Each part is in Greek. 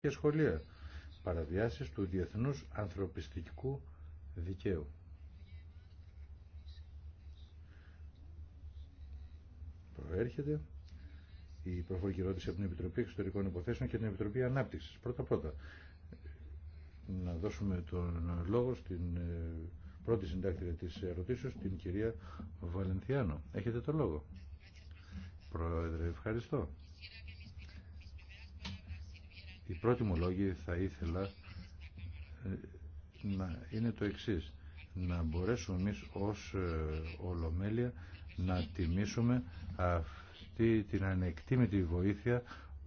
και σχολεία. Παραβιάσεις του διεθνούς ανθρωπιστικού δικαίου. Προέρχεται η προφορική ερώτηση από την Επιτροπή Εξωτερικών Υποθέσεων και την Επιτροπή Ανάπτυξης. Πρώτα-πρώτα, να δώσουμε τον λόγο στην ε, πρώτη συντάκτρια της ερωτήσεως, την κυρία Βαλενθιάνο. Έχετε το λόγο. Πρόεδρε, ευχαριστώ. Η πρώτη μου λόγη θα ήθελα ε, να είναι το εξής. Να μπορέσουμε εμείς ως ε, Ολομέλεια να τιμήσουμε αυτή την ανεκτήμητη βοήθεια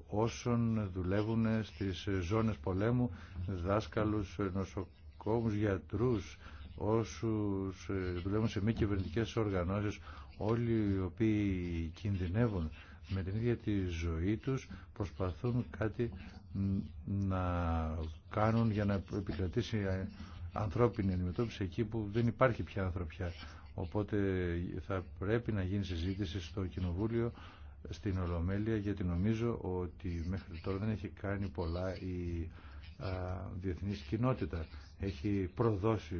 όσων δουλεύουν στις ζώνες πολέμου, δάσκαλους, νοσοκόμους, γιατρούς, όσους ε, δουλεύουν σε μη κυβερνητικέ οργανώσεις, όλοι οι οποίοι κινδυνεύουν με την ίδια τη ζωή τους, προσπαθούν κάτι να κάνουν για να επικρατήσει ανθρώπινη αντιμετώπιση εκεί που δεν υπάρχει πια ανθρωπιά. Οπότε θα πρέπει να γίνει συζήτηση στο Κοινοβούλιο στην Ολομέλεια γιατί νομίζω ότι μέχρι τώρα δεν έχει κάνει πολλά η διεθνής κοινότητα έχει προδώσει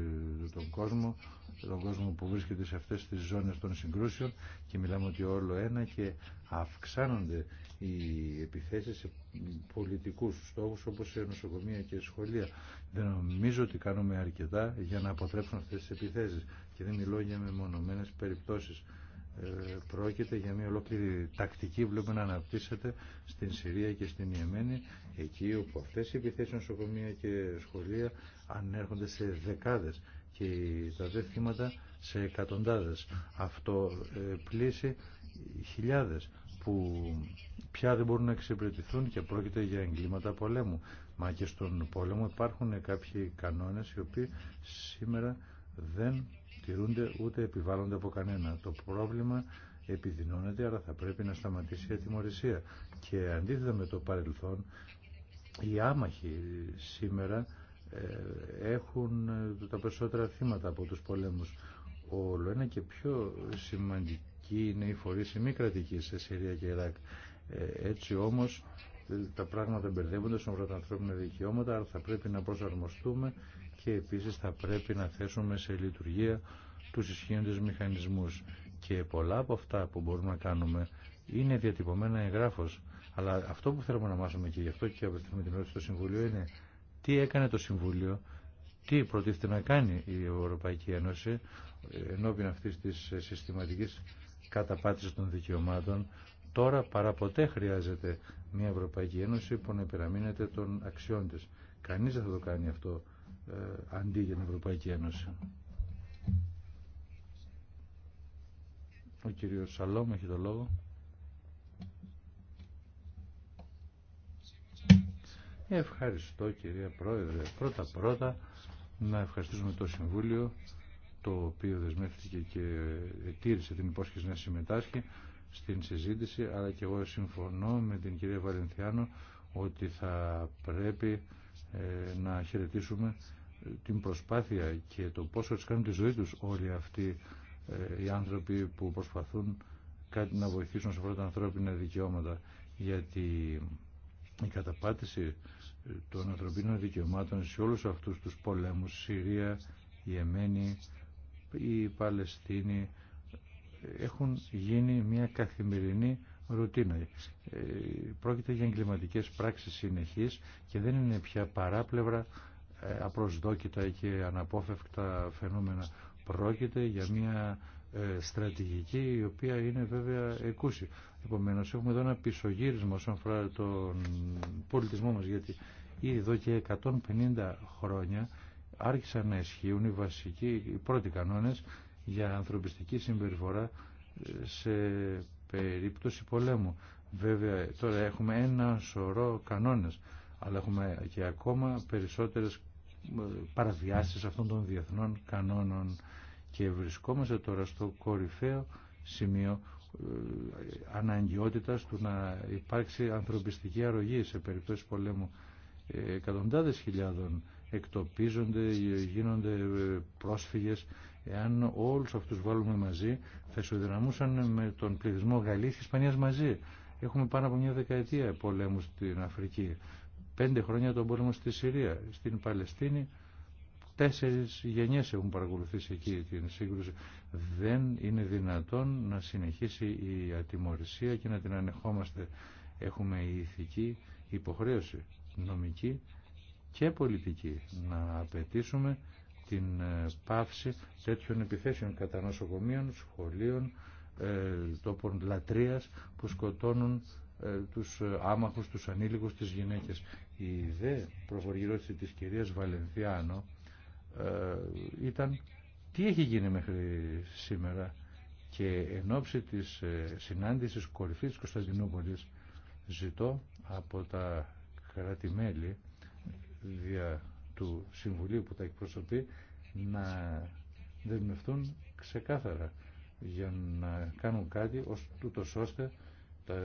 τον κόσμο, τον κόσμο που βρίσκεται σε αυτές τις ζώνες των συγκρούσεων και μιλάμε ότι όλο ένα και αυξάνονται οι επιθέσεις σε πολιτικούς στόχους όπως σε νοσοκομεία και σχολεία. Δεν νομίζω ότι κάνουμε αρκετά για να αποτρέψουν αυτές τις επιθέσεις και δεν μιλώ για μεμονωμένες περιπτώσεις. Ε, πρόκειται για μια ολόκληρη τακτική βλέπουμε να αναπτύσσεται στην Συρία και στην Ιεμένη εκεί όπου αυτές οι επιθέσεις νοσοκομεία και σχολεία ανέρχονται σε δεκάδες και τα δε σε εκατοντάδες. Αυτό ε, πλήσει χιλιάδες που πια δεν μπορούν να εξυπηρετηθούν και πρόκειται για εγκλήματα πολέμου. Μα και στον πόλεμο υπάρχουν κάποιοι κανόνες οι οποίοι σήμερα δεν τηρούνται ούτε επιβάλλονται από κανένα. Το πρόβλημα επιδεινώνεται, άρα θα πρέπει να σταματήσει η ατιμορρησία. Και αντίθετα με το παρελθόν, οι άμαχοι σήμερα ε, έχουν ε, τα περισσότερα θύματα από τους πολέμους. Όλο ένα και πιο σημαντική είναι η φορήση μη κρατική σε Συρία και Ιράκ. Ε, έτσι όμως τα πράγματα μπερδεύονται στον πρώτο ανθρώπινα δικαιώματα, άρα θα πρέπει να προσαρμοστούμε και επίσης θα πρέπει να θέσουμε σε λειτουργία τους ισχύοντες μηχανισμούς και πολλά από αυτά που μπορούμε να κάνουμε είναι διατυπωμένα εγγράφος αλλά αυτό που θέλουμε να μάθουμε και γι' αυτό και απευθύνουμε την ερώτηση στο Συμβουλίο είναι τι έκανε το Συμβούλιο τι προτίθεται να κάνει η Ευρωπαϊκή Ένωση ενώπιν αυτή τη συστηματική καταπάτηση των δικαιωμάτων τώρα παραποτέ χρειάζεται μια Ευρωπαϊκή Ένωση που να υπεραμείνεται των αξιών της. Κανείς δεν θα το κάνει αυτό ε, αντί για την Ευρωπαϊκή Ένωση. Ο κύριος Σαλόμ έχει το λόγο. Ευχαριστώ κυρία Πρόεδρε. Πρώτα πρώτα να ευχαριστήσουμε το Συμβούλιο το οποίο δεσμεύτηκε και τήρησε την υπόσχεση να συμμετάσχει στην συζήτηση αλλά και εγώ συμφωνώ με την κυρία Βαλενθιάνο ότι θα πρέπει ε, να χαιρετήσουμε την προσπάθεια και το πόσο έτσι κάνουν τη ζωή τους όλοι αυτοί ε, οι άνθρωποι που προσπαθούν κάτι να βοηθήσουν σε αυτά τα ανθρώπινα δικαιώματα γιατί η καταπάτηση ε, των ανθρωπίνων δικαιωμάτων σε όλους αυτούς τους πολέμους Συρία, η Εμένη, η Παλαιστίνη έχουν γίνει μια καθημερινή ρουτίνα. Ε, πρόκειται για εγκληματικές πράξεις συνεχής και δεν είναι πια παράπλευρα ε, απροσδόκητα και αναπόφευκτα φαινόμενα. Πρόκειται για μια ε, στρατηγική η οποία είναι βέβαια εκούση. Επομένως έχουμε εδώ ένα πισωγύρισμα όσον αφορά τον πολιτισμό μας γιατί ήδη εδώ και 150 χρόνια άρχισαν να ισχύουν οι βασικοί, οι πρώτοι κανόνες για ανθρωπιστική συμπεριφορά σε περίπτωση πολέμου. Βέβαια τώρα έχουμε ένα σωρό κανόνες, αλλά έχουμε και ακόμα περισσότερες ε, παραβιάσεις αυτών των διεθνών κανόνων και βρισκόμαστε τώρα στο κορυφαίο σημείο ε, αναγκαιότητας του να υπάρξει ανθρωπιστική αρρωγή σε περιπτώσεις πολέμου. Ε, εκατοντάδες χιλιάδων εκτοπίζονται, γίνονται πρόσφυγες Εάν όλου αυτού βάλουμε μαζί, θα ισοδυναμούσαν με τον πληθυσμό Γαλλίας και Ισπανίας μαζί. Έχουμε πάνω από μια δεκαετία πολέμου στην Αφρική. Πέντε χρόνια τον πόλεμο στη Συρία, στην Παλαιστίνη. τέσσερι γενιές έχουν παρακολουθήσει εκεί την σύγκρουση. Δεν είναι δυνατόν να συνεχίσει η ατιμορρησία και να την ανεχόμαστε. Έχουμε η ηθική υποχρέωση νομική και πολιτική να απαιτήσουμε την ε, πάυση τέτοιων επιθέσεων κατά νοσοκομείων, σχολείων, ε, τόπων λατρείας που σκοτώνουν ε, τους άμαχους, τους ανήλικους, τις γυναίκες. Η δε προφοργυρώτηση της κυρίας Βαλενθιάνο ήταν τι έχει γίνει μέχρι σήμερα και εν ώψη της συνάντησης κορυφής της Κωνσταντινούπολης ζητώ από τα κράτη-μέλη δια του Συμβουλίου που τα εκπροσωπεί να δεσμευτούν ξεκάθαρα για να κάνουν κάτι ως τούτος ώστε τα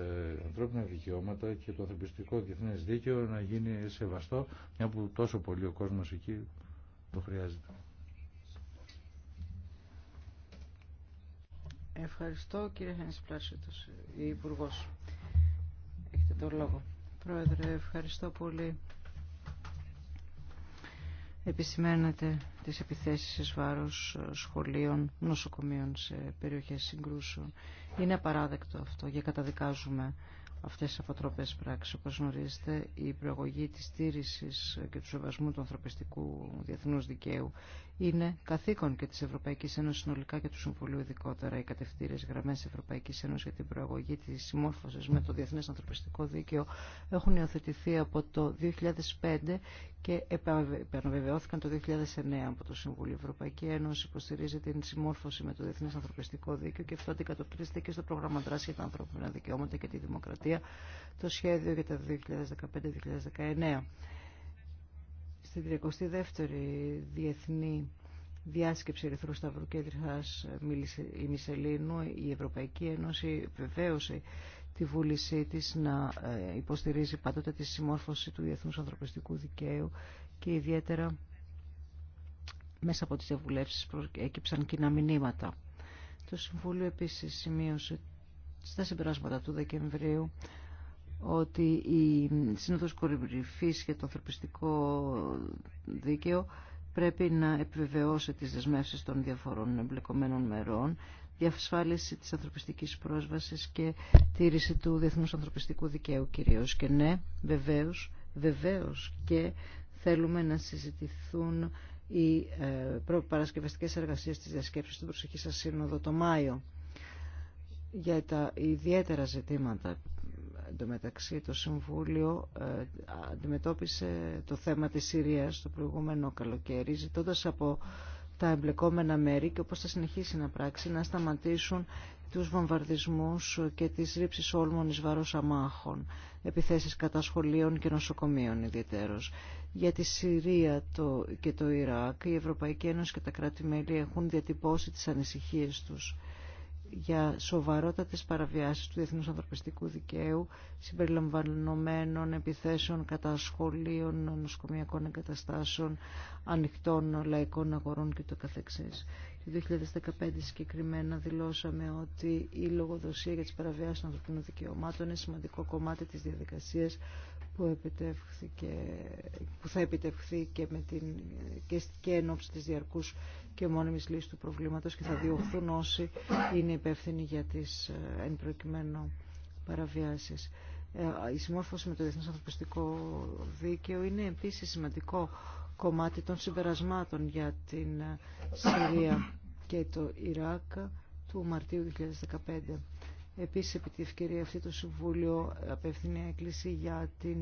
ανθρώπινα δικαιώματα και το ανθρωπιστικό διεθνές δίκαιο να γίνει σεβαστό μια που τόσο πολύ ο κόσμος εκεί το χρειάζεται. Ευχαριστώ κύριε Χένης Πλάσιτος, η Υπουργός. Έχετε τον λόγο. Πρόεδρε, ευχαριστώ πολύ επισημαίνεται τις επιθέσεις σε βάρος ε, σχολείων, νοσοκομείων σε περιοχές συγκρούσεων. Είναι απαράδεκτο αυτό και καταδικάζουμε αυτές τις αποτροπές πράξεις. Όπως γνωρίζετε, η προαγωγή της στήρησης και του σεβασμού του ανθρωπιστικού διεθνούς δικαίου είναι καθήκον και της Ευρωπαϊκής Ένωσης συνολικά και του Συμβουλίου ειδικότερα. Οι κατευθύνες γραμμές της Ευρωπαϊκής Ένωσης για την προαγωγή της συμμόρφωσης με το Διεθνές Ανθρωπιστικό Δίκαιο έχουν υιοθετηθεί από το 2005 και επαναβεβαιώθηκαν το 2009 από το Συμβούλιο. Η Ευρωπαϊκή Ένωση υποστηρίζει την συμμόρφωση με το Διεθνές Ανθρωπιστικό Δίκαιο και αυτό αντικατοπτρίζεται και στο πρόγραμμα δράση για τα ανθρώπινα δικαιώματα και τη δημοκρατία το σχέδιο για τα 2015-2019. Στην 32η Διεθνή Διάσκεψη Ερυθρού Σταυρού και Τριχάς η διεθνη διασκεψη ερυθρου σταυρου η Ευρωπαϊκή Ένωση βεβαίωσε τη βούλησή της να ε, υποστηρίζει πάντοτε τη συμμόρφωση του διεθνούς ανθρωπιστικού δικαίου και ιδιαίτερα μέσα από τις διαβουλεύσεις έκυψαν κοινά μηνύματα. Το Συμβούλιο επίσης σημείωσε στα συμπεράσματα του Δεκεμβρίου ότι η Σύνοδος Κορυφής για το ανθρωπιστικό δίκαιο πρέπει να επιβεβαιώσει τις δεσμεύσεις των διαφορών εμπλεκομένων μερών, διασφάλιση της ανθρωπιστικής πρόσβασης και τήρηση του διεθνούς ανθρωπιστικού δικαίου κυρίως. Και ναι, βεβαίως, βεβαίως και θέλουμε να συζητηθούν οι ε, προπαρασκευαστικές εργασίες της διασκέψης του προσεχής σας σύνοδο το Μάιο. Για τα ιδιαίτερα ζητήματα μεταξύ το Συμβούλιο ε, αντιμετώπισε το θέμα της Συρίας το προηγούμενο καλοκαίρι ζητώντας από τα εμπλεκόμενα μέρη και όπως θα συνεχίσει να πράξει να σταματήσουν τους βομβαρδισμούς και τις ρήψεις όλμων εις βάρος αμάχων, επιθέσεις κατά σχολείων και νοσοκομείων ιδιαίτερως. Για τη Συρία το, και το Ιράκ, η Ευρωπαϊκή Ένωση και τα κράτη-μέλη έχουν διατυπώσει τις ανησυχίες τους για σοβαρότατες παραβιάσεις του διεθνούς ανθρωπιστικού δικαίου συμπεριλαμβανομένων επιθέσεων κατά σχολείων, νοσοκομιακών εγκαταστάσεων, ανοιχτών λαϊκών αγορών και το καθεξής. Το 2015 συγκεκριμένα δηλώσαμε ότι η λογοδοσία για τις παραβιάσεις των ανθρωπινών δικαιωμάτων είναι σημαντικό κομμάτι της διαδικασίας που, που θα επιτευχθεί και, με την, και, και εν ώψη της διαρκούς και μόνιμης λύσης του προβλήματος και θα διωχθούν όσοι είναι υπεύθυνοι για τις ε, εν προκειμένου παραβιάσεις. Ε, η συμμόρφωση με το Διεθνές Ανθρωπιστικό Δίκαιο είναι επίσης σημαντικό κομμάτι των συμπερασμάτων για την ε, Συρία και το Ιράκ του Μαρτίου 2015. Επίσης, επί τη ευκαιρία αυτή το Συμβούλιο απευθύνει έκκληση για την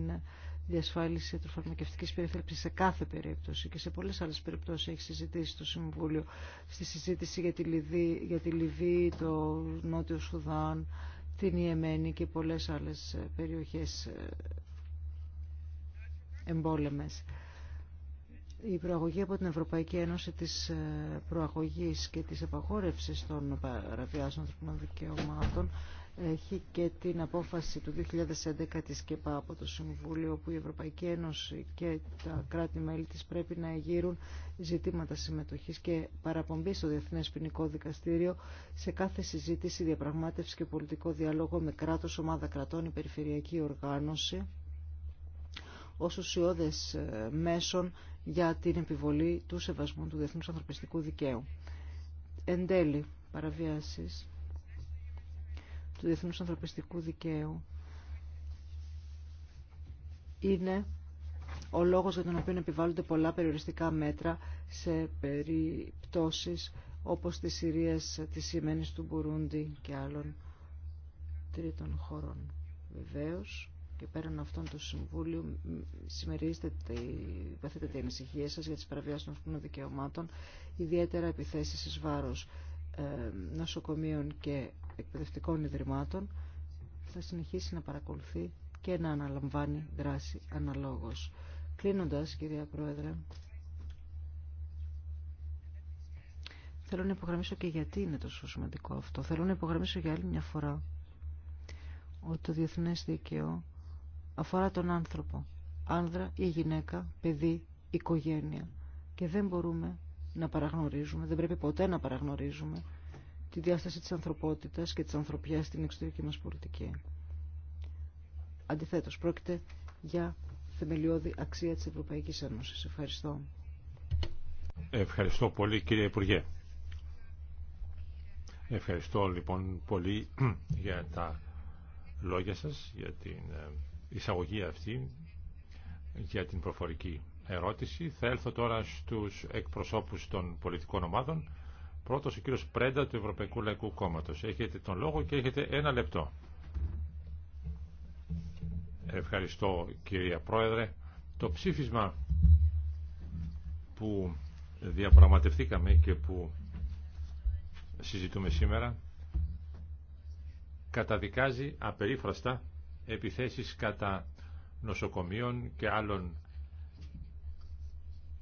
διασφάλιση φαρμακευτικής περιθέλεψης σε κάθε περίπτωση και σε πολλές άλλες περιπτώσεις έχει συζητήσει το Συμβούλιο στη συζήτηση για τη Λιβύη, για τη Λιβύη το Νότιο Σουδάν, την Ιεμένη και πολλές άλλες περιοχές ε, εμπόλεμες η προαγωγή από την Ευρωπαϊκή Ένωση της ε, προαγωγής και της απαγόρευσης των παραβιάσεων ανθρωπινών δικαιωμάτων έχει και την απόφαση του 2011 της ΚΕΠΑ από το Συμβούλιο όπου η Ευρωπαϊκή Ένωση και τα κράτη-μέλη της πρέπει να εγείρουν ζητήματα συμμετοχής και παραπομπής στο Διεθνές Ποινικό Δικαστήριο σε κάθε συζήτηση, διαπραγμάτευση και πολιτικό διαλόγο με κράτος, ομάδα κρατών, η περιφερειακή οργάνωση ως ουσιώδες ε, μέσων για την επιβολή του σεβασμού του διεθνούς ανθρωπιστικού δικαίου. Εν τέλει, παραβίασεις του διεθνούς ανθρωπιστικού δικαίου είναι ο λόγος για τον οποίο επιβάλλονται πολλά περιοριστικά μέτρα σε περιπτώσεις όπως τη Συρία τη Σιμένη του Μπουρούντι και άλλων τρίτων χωρών. Βεβαίως, και πέραν αυτών του Συμβούλιο συμμερίζεται την ανησυχία σας για τις παραβιάσεις των ανθρώπινων δικαιωμάτων, ιδιαίτερα επιθέσεις εις βάρος ε, νοσοκομείων και εκπαιδευτικών ιδρυμάτων, θα συνεχίσει να παρακολουθεί και να αναλαμβάνει δράση αναλόγως. Κλείνοντας, κυρία Πρόεδρε, θέλω να υπογραμμίσω και γιατί είναι τόσο σημαντικό αυτό. Θέλω να υπογραμμίσω για άλλη μια φορά ότι το διεθνές δίκαιο αφορά τον άνθρωπο, άνδρα ή γυναίκα, παιδί, οικογένεια. Και δεν μπορούμε να παραγνωρίζουμε, δεν πρέπει ποτέ να παραγνωρίζουμε τη διάσταση της ανθρωπότητας και της ανθρωπιάς στην εξωτερική μας πολιτική. Αντιθέτως, πρόκειται για θεμελιώδη αξία της Ευρωπαϊκής Ένωσης. Ευχαριστώ. Ευχαριστώ πολύ κύριε Υπουργέ. Ευχαριστώ λοιπόν πολύ για τα λόγια σας, για την ε, εισαγωγή αυτή για την προφορική ερώτηση. Θα έλθω τώρα στους εκπροσώπους των πολιτικών ομάδων. Πρώτος ο κύριος Πρέντα του Ευρωπαϊκού Λαϊκού Κόμματος. Έχετε τον λόγο και έχετε ένα λεπτό. Ευχαριστώ κυρία Πρόεδρε. Το ψήφισμα που διαπραγματευτήκαμε και που συζητούμε σήμερα καταδικάζει απερίφραστα επιθέσεις κατά νοσοκομείων και άλλων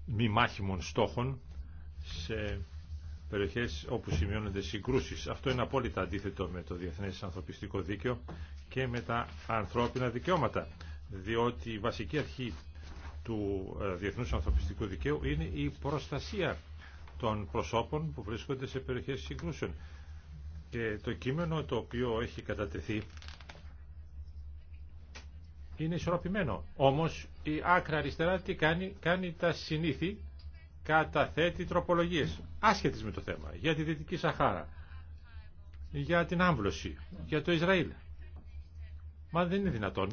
μη μάχημων στόχων σε περιοχές όπου σημειώνονται συγκρούσεις. Αυτό είναι απόλυτα αντίθετο με το Διεθνές Ανθρωπιστικό Δίκαιο και με τα ανθρώπινα δικαιώματα, διότι η βασική αρχή του ε, Διεθνούς Ανθρωπιστικού Δικαίου είναι η προστασία των προσώπων που βρίσκονται σε περιοχές συγκρούσεων. Και το κείμενο το οποίο έχει κατατεθεί είναι ισορροπημένο. Όμως η άκρα αριστερά τι κάνει, κάνει τα συνήθη, καταθέτει τροπολογίες, άσχετες με το θέμα, για τη Δυτική Σαχάρα, για την άμβλωση, για το Ισραήλ. Μα δεν είναι δυνατόν.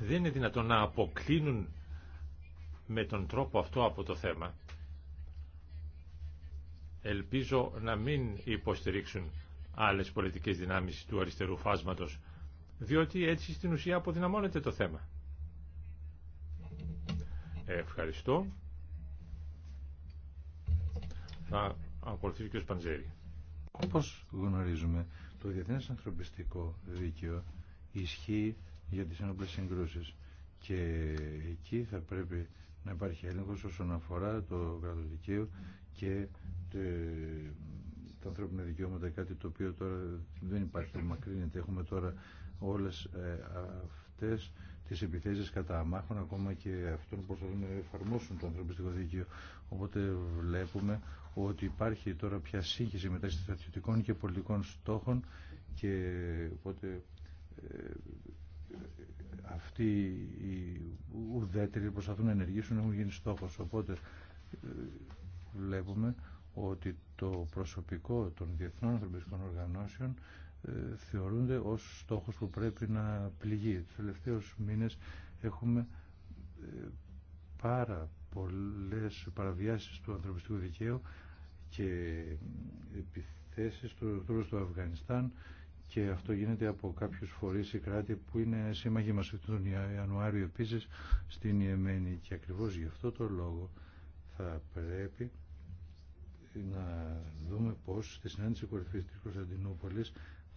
Δεν είναι δυνατόν να αποκλίνουν με τον τρόπο αυτό από το θέμα. Ελπίζω να μην υποστηρίξουν άλλες πολιτικές δυνάμεις του αριστερού φάσματος διότι έτσι στην ουσία αποδυναμώνεται το θέμα. Ευχαριστώ. Θα ακολουθήσει ο κ. Όπως γνωρίζουμε, το Διεθνές Ανθρωπιστικό Δίκαιο ισχύει για τις ένοπλες συγκρούσεις και εκεί θα πρέπει να υπάρχει έλεγχος όσον αφορά το κράτος δικαίου και ε, τα ανθρώπινα δικαιώματα, κάτι το οποίο τώρα δεν υπάρχει, μακρύνεται. Έχουμε τώρα όλες ε, αυτές τις επιθέσεις κατά αμάχων ακόμα και αυτών που προσπαθούν να εφαρμόσουν το ανθρωπιστικό δίκαιο. Οπότε βλέπουμε ότι υπάρχει τώρα πια σύγχυση μεταξύ στρατιωτικών και πολιτικών στόχων και οπότε ε, αυτοί οι ουδέτεροι που προσπαθούν να ενεργήσουν έχουν γίνει στόχος. Οπότε ε, βλέπουμε ότι το προσωπικό των διεθνών ανθρωπιστικών οργανώσεων ε, θεωρούνται ως στόχος που πρέπει να πληγεί. Τους τελευταίους μήνες έχουμε ε, πάρα πολλές παραβιάσεις του ανθρωπιστικού δικαίου και επιθέσεις του στο Αφγανιστάν και αυτό γίνεται από κάποιους φορείς ή κράτη που είναι σύμμαχοι μας τον Ιανουάριο επίσης στην Ιεμένη και ακριβώς γι' αυτό το λόγο θα πρέπει να δούμε πώς στη συνάντηση κορυφής της Κωνσταντινούπολης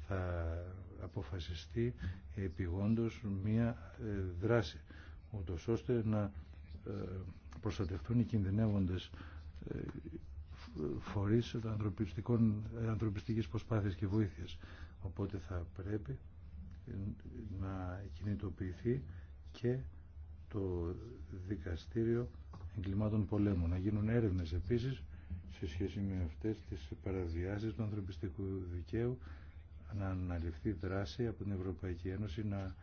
θα αποφασιστεί επιγόντως μία ε, δράση ούτως ώστε να ε, προστατευτούν οι κινδυνεύοντες ε, φορείς ανθρωπιστικών, ανθρωπιστικής προσπάθειας και βοήθειας. Οπότε θα πρέπει να κινητοποιηθεί και το Δικαστήριο Εγκλημάτων Πολέμου. Να γίνουν έρευνες επίσης σε σχέση με αυτές τις παραβιάσεις του ανθρωπιστικού δικαίου να αναλυφθεί δράση από την Ευρωπαϊκή Ένωση να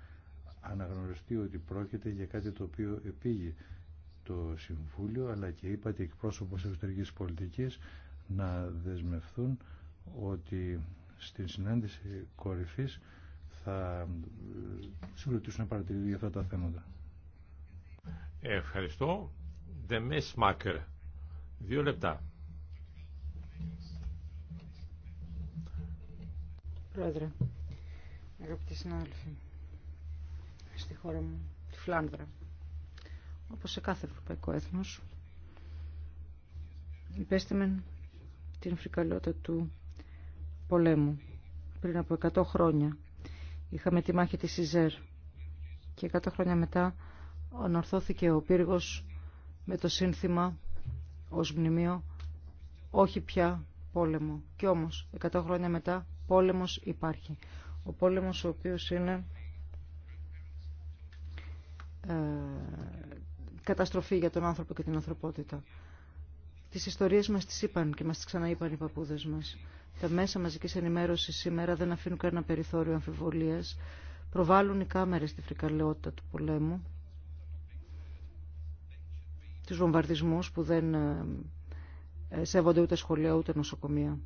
αναγνωριστεί ότι πρόκειται για κάτι το οποίο επήγει το Συμβούλιο αλλά και είπατε εκπρόσωπος εξωτερικής πολιτικής να δεσμευθούν ότι στην συνάντηση κορυφής θα ε, συγκροτήσουν παρατηρήσει για αυτά τα θέματα. Ευχαριστώ. Δεμές Μάκερ. Δύο λεπτά. Πρόεδρε, αγαπητοί συνάδελφοι, στη χώρα μου, τη Φλάνδρα, όπως σε κάθε ευρωπαϊκό έθνος, με την φρικαλότητα του πολέμου. Πριν από 100 χρόνια είχαμε τη μάχη της Ιζέρ και 100 χρόνια μετά ανορθώθηκε ο πύργος με το σύνθημα ως μνημείο όχι πια πόλεμο. Και όμως 100 χρόνια μετά πόλεμος υπάρχει. Ο πόλεμος ο οποίος είναι ε, καταστροφή για τον άνθρωπο και την ανθρωπότητα. Τις ιστορίες μας τις είπαν και μας τις ξαναείπαν οι παππούδες μας. Τα μέσα μαζικής ενημέρωσης σήμερα δεν αφήνουν κανένα περιθώριο αμφιβολίας. Προβάλλουν οι κάμερες τη φρικαλαιότητα του πολέμου, τους βομβαρδισμούς που δεν ε, σέβονται ούτε σχολεία ούτε νοσοκομεία.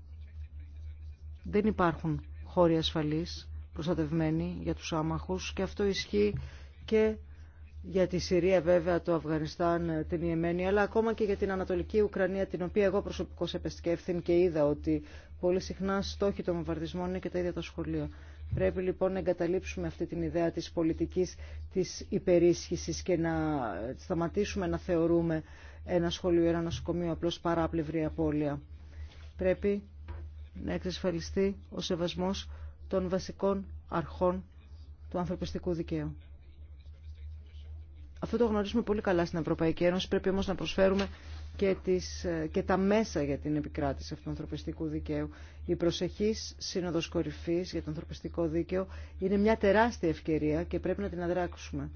Δεν υπάρχουν χώροι ασφαλής προστατευμένοι για τους άμαχους και αυτό ισχύει και για τη Συρία βέβαια, το Αφγανιστάν, την Ιεμένη, αλλά ακόμα και για την Ανατολική Ουκρανία, την οποία εγώ προσωπικώ επεσκέφθην και είδα ότι πολύ συχνά στόχοι των βομβαρδισμών είναι και τα ίδια τα σχολεία. Πρέπει λοιπόν να εγκαταλείψουμε αυτή την ιδέα της πολιτικής της υπερίσχυσης και να σταματήσουμε να θεωρούμε ένα σχολείο, ένα νοσοκομείο απλώς παράπλευρη απώλεια. Πρέπει να εξασφαλιστεί ο σεβασμός των βασικών αρχών του ανθρωπιστικού δικαίου. Αυτό το γνωρίζουμε πολύ καλά στην Ευρωπαϊκή Ένωση, πρέπει όμως να προσφέρουμε και, τις, και τα μέσα για την επικράτηση αυτού του ανθρωπιστικού δικαίου. Η προσεχής Σύνοδος Κορυφής για το ανθρωπιστικό δίκαιο είναι μια τεράστια ευκαιρία και πρέπει να την αδράξουμε.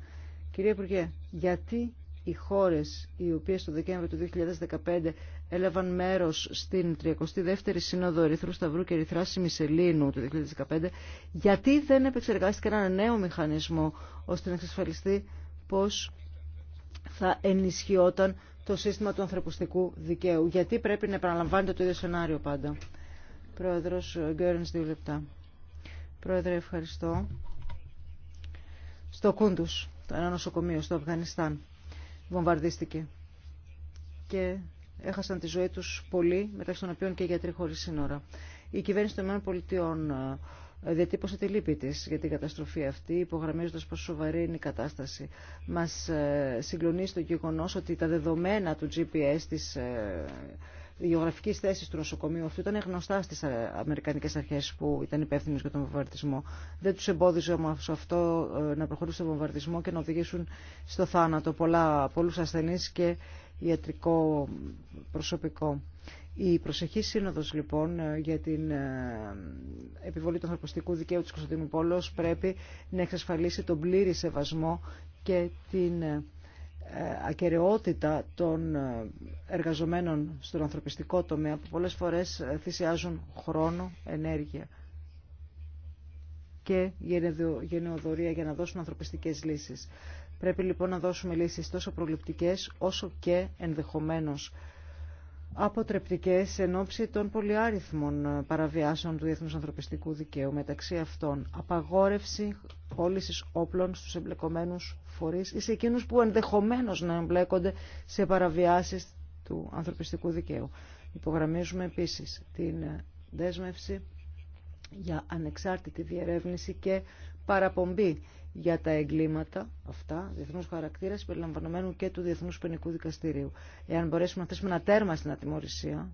Κυρία Υπουργέ, γιατί οι χώρες οι οποίες το Δεκέμβριο του 2015 έλαβαν μέρος στην 32η Σύνοδο Ερυθρού Σταυρού και Ερυθράς Μισελίνου του 2015, γιατί δεν επεξεργάστηκε ένα νέο μηχανισμό ώστε να εξασφαλιστεί πως θα ενισχυόταν το σύστημα του ανθρωπιστικού δικαίου. Γιατί πρέπει να επαναλαμβάνεται το ίδιο σενάριο πάντα. Πρόεδρος Γκέρνς, δύο λεπτά. Πρόεδρε, ευχαριστώ. Στο Κούντους, το ένα νοσοκομείο στο Αφγανιστάν βομβαρδίστηκε και έχασαν τη ζωή τους πολλοί, μεταξύ των οποίων και γιατροί χωρίς σύνορα. Η κυβέρνηση των ΗΠΑ ε, διατύπωσε τη λύπη τη για την καταστροφή αυτή, υπογραμμίζοντας πόσο σοβαρή είναι η κατάσταση. Μας ε, συγκλονίζει το γεγονός ότι τα δεδομένα του GPS της ε, γεωγραφική θέση του νοσοκομείου αυτού ήταν γνωστά στι ε, αμερικανικέ αρχέ που ήταν υπεύθυνε για τον βομβαρδισμό. Δεν του εμπόδιζε όμω αυτό ε, να προχωρήσουν στον βομβαρδισμό και να οδηγήσουν στο θάνατο πολλά, πολλούς ασθενείς και ιατρικό προσωπικό. Η προσεχή σύνοδο λοιπόν ε, για την επιβολή του ανθρωπιστικού δικαίου τη Κωνσταντινούπολο πρέπει να εξασφαλίσει τον πλήρη σεβασμό και την ε, ακεραιότητα των ε, εργαζομένων στον ανθρωπιστικό τομέα που πολλές φορές ε, θυσιάζουν χρόνο, ενέργεια και γενεοδορία για να δώσουν ανθρωπιστικές λύσεις. Πρέπει λοιπόν να δώσουμε λύσεις τόσο προληπτικές όσο και ενδεχομένως αποτρεπτικές εν ώψη των πολυάριθμων παραβιάσεων του διεθνούς ανθρωπιστικού δικαίου. Μεταξύ αυτών, απαγόρευση πώληση όπλων στους εμπλεκομένους φορείς ή σε εκείνους που ενδεχομένως να εμπλέκονται σε παραβιάσεις του ανθρωπιστικού δικαίου. Υπογραμμίζουμε επίσης την δέσμευση για ανεξάρτητη διερεύνηση και παραπομπή για τα εγκλήματα αυτά, διεθνού χαρακτήρα, περιλαμβανομένου και του διεθνού Πενικού Δικαστηρίου. Εάν μπορέσουμε να θέσουμε ένα τέρμα στην ατιμορρησία,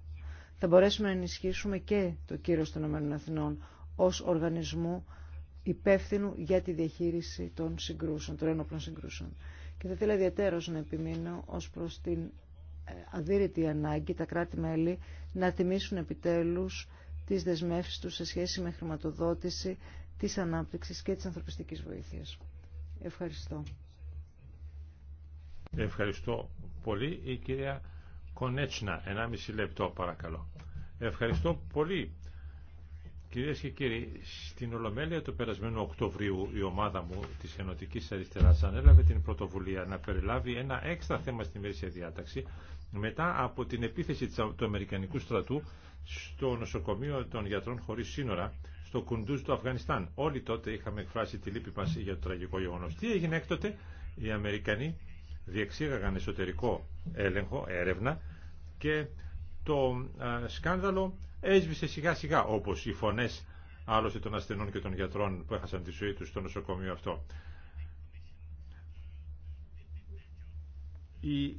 θα μπορέσουμε να ενισχύσουμε και το κύριο των ΗΠΑ ω οργανισμού υπεύθυνου για τη διαχείριση των συγκρούσεων, των ένοπλων συγκρούσεων. Και θα ήθελα ιδιαίτερω να επιμείνω ω προ την ε, αδύρυτη ανάγκη τα κράτη-μέλη να τιμήσουν επιτέλου τις δεσμεύσεις τους σε σχέση με χρηματοδότηση της ανάπτυξης και της ανθρωπιστικής βοήθειας. Ευχαριστώ. Ευχαριστώ πολύ η κυρία Κονέτσνα. 1,5 λεπτό παρακαλώ. Ευχαριστώ πολύ. Κυρίες και κύριοι, στην Ολομέλεια του περασμένου Οκτωβρίου η ομάδα μου της Ενωτικής Αριστεράς ανέλαβε την πρωτοβουλία να περιλάβει ένα έξτρα θέμα στη μέση διάταξη μετά από την επίθεση του Αμερικανικού στρατού στο νοσοκομείο των γιατρών χωρίς σύνορα στο κουντούζ του Αφγανιστάν. Όλοι τότε είχαμε εκφράσει τη λύπη μας για το τραγικό γεγονός. Τι έγινε έκτοτε, οι Αμερικανοί διεξήγαγαν εσωτερικό έλεγχο, έρευνα και το σκάνδαλο έσβησε σιγά σιγά όπως οι φωνές άλλωστε των ασθενών και των γιατρών που έχασαν τη ζωή τους στο νοσοκομείο αυτό. Η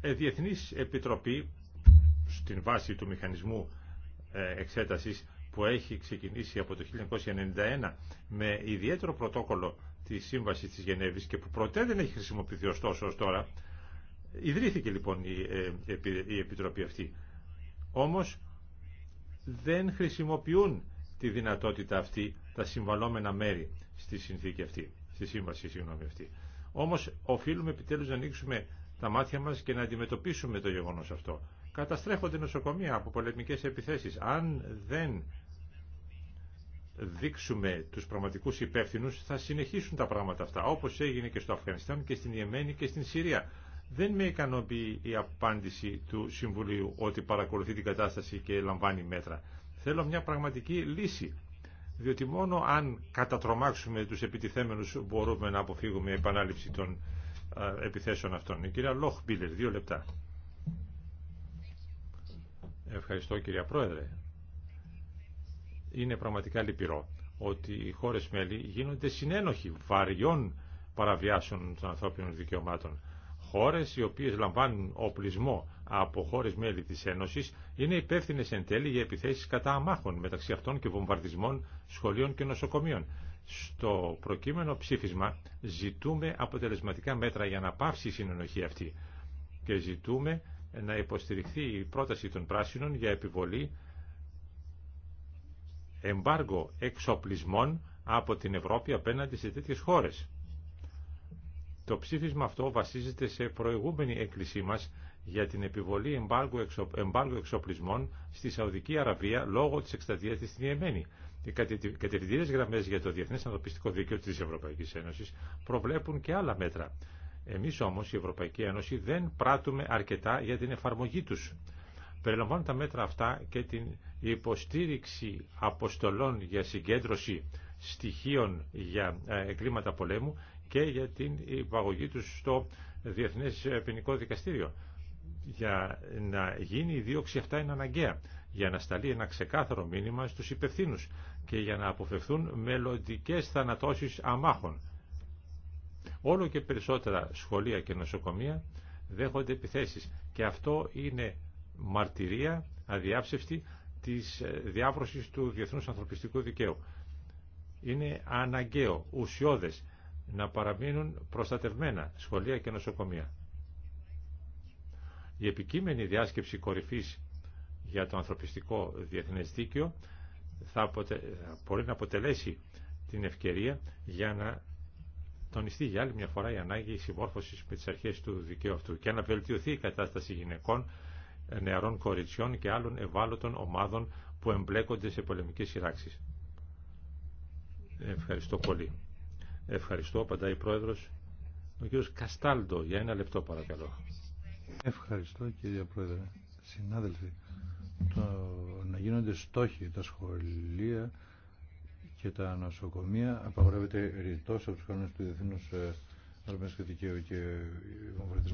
ε, Διεθνής Επιτροπή στην βάση του μηχανισμού ε, εξέτασης που έχει ξεκινήσει από το 1991 με ιδιαίτερο πρωτόκολλο τη Σύμβαση τη Γενέβη και που ποτέ δεν έχει χρησιμοποιηθεί ωστόσο ως τώρα. Ιδρύθηκε λοιπόν ε, η Επιτροπή αυτή. Όμως δεν χρησιμοποιούν τη δυνατότητα αυτή τα συμβαλόμενα μέρη στη συνθήκη αυτή, στη σύμβαση συγγνώμη αυτή. Όμως οφείλουμε επιτέλους να ανοίξουμε τα μάτια μας και να αντιμετωπίσουμε το γεγονός αυτό. Καταστρέφονται νοσοκομεία από πολεμικές επιθέσεις. Αν δεν δείξουμε τους πραγματικούς υπεύθυνους θα συνεχίσουν τα πράγματα αυτά όπως έγινε και στο Αφγανιστάν και στην Ιεμένη και στην Συρία. Δεν με ικανοποιεί η απάντηση του Συμβουλίου ότι παρακολουθεί την κατάσταση και λαμβάνει μέτρα. Θέλω μια πραγματική λύση. Διότι μόνο αν κατατρομάξουμε τους επιτιθέμενους μπορούμε να αποφύγουμε επανάληψη των ε, επιθέσεων αυτών. Η κυρία Λόχμπιλερ, δύο λεπτά. Ευχαριστώ κυρία Πρόεδρε. Είναι πραγματικά λυπηρό ότι οι χώρες μέλη γίνονται συνένοχοι βαριών παραβιάσεων των ανθρώπινων δικαιωμάτων. Χώρες οι οποίες λαμβάνουν οπλισμό από χώρες μέλη της Ένωσης είναι υπεύθυνε εν τέλει για επιθέσεις κατά αμάχων μεταξύ αυτών και βομβαρδισμών σχολείων και νοσοκομείων. Στο προκείμενο ψήφισμα ζητούμε αποτελεσματικά μέτρα για να πάυσει η συνενοχή αυτή και ζητούμε να υποστηριχθεί η πρόταση των πράσινων για επιβολή εμπάργο εξοπλισμών από την Ευρώπη απέναντι σε τέτοιες χώρες. Το ψήφισμα αυτό βασίζεται σε προηγούμενη έκκλησή μας για την επιβολή εμπάργου εξοπλισμών στη Σαουδική Αραβία λόγω της εξτατείας της στην Ιεμένη. Οι κατευθυντήρες γραμμές για το Διεθνές Ανθρωπιστικό Δίκαιο της Ευρωπαϊκής Ένωση προβλέπουν και άλλα μέτρα. Εμείς όμως η Ευρωπαϊκή Ένωση δεν πράττουμε αρκετά για την εφαρμογή τους. Περιλαμβάνουν τα μέτρα αυτά και την υποστήριξη αποστολών για συγκέντρωση στοιχείων για ε, εγκλήματα πολέμου και για την υπαγωγή τους στο Διεθνές Ποινικό Δικαστήριο. Για να γίνει η δίωξη αυτά είναι αναγκαία, για να σταλεί ένα ξεκάθαρο μήνυμα στους υπευθύνους και για να αποφευθούν μελλοντικέ θανατώσεις αμάχων. Όλο και περισσότερα σχολεία και νοσοκομεία δέχονται επιθέσεις και αυτό είναι μαρτυρία αδιάψευτη της ε, διάβρωσης του διεθνούς ανθρωπιστικού δικαίου. Είναι αναγκαίο, ουσιώδες, να παραμείνουν προστατευμένα σχολεία και νοσοκομεία. Η επικείμενη διάσκεψη κορυφής για το ανθρωπιστικό διεθνές δίκαιο θα μπορεί να αποτελέσει την ευκαιρία για να τονιστεί για άλλη μια φορά η ανάγκη συμμόρφωσης με τις αρχές του δικαίου αυτού και να βελτιωθεί η κατάσταση γυναικών νεαρών κοριτσιών και άλλων ευάλωτων ομάδων που εμπλέκονται σε πολεμικές σειράξεις. Ευχαριστώ πολύ. Ευχαριστώ, απαντάει η Πρόεδρος. Ο κύριος Καστάλντο, για ένα λεπτό παρακαλώ. Ευχαριστώ κύριε Πρόεδρε. Συνάδελφοι, το να γίνονται στόχοι τα σχολεία και τα νοσοκομεία απαγορεύεται ρητός από τους κανόνες του Διεθνούς και Δικαίου και